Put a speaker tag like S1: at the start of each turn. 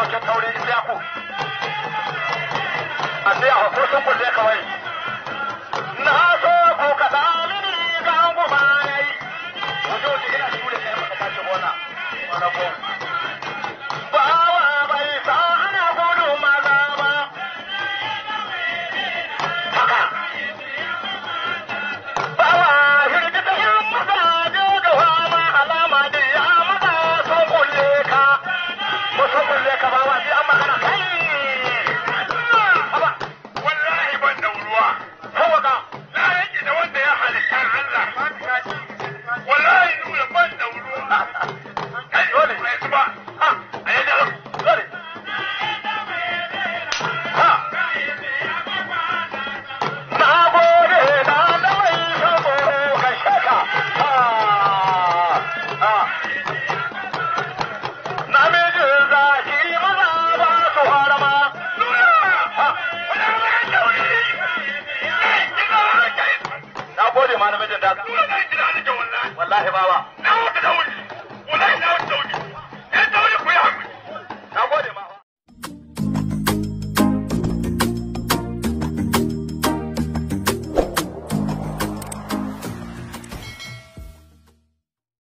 S1: wajen taurin izaku a terra, força o kulle aí. na mijin da wallahi baba na wata da wuri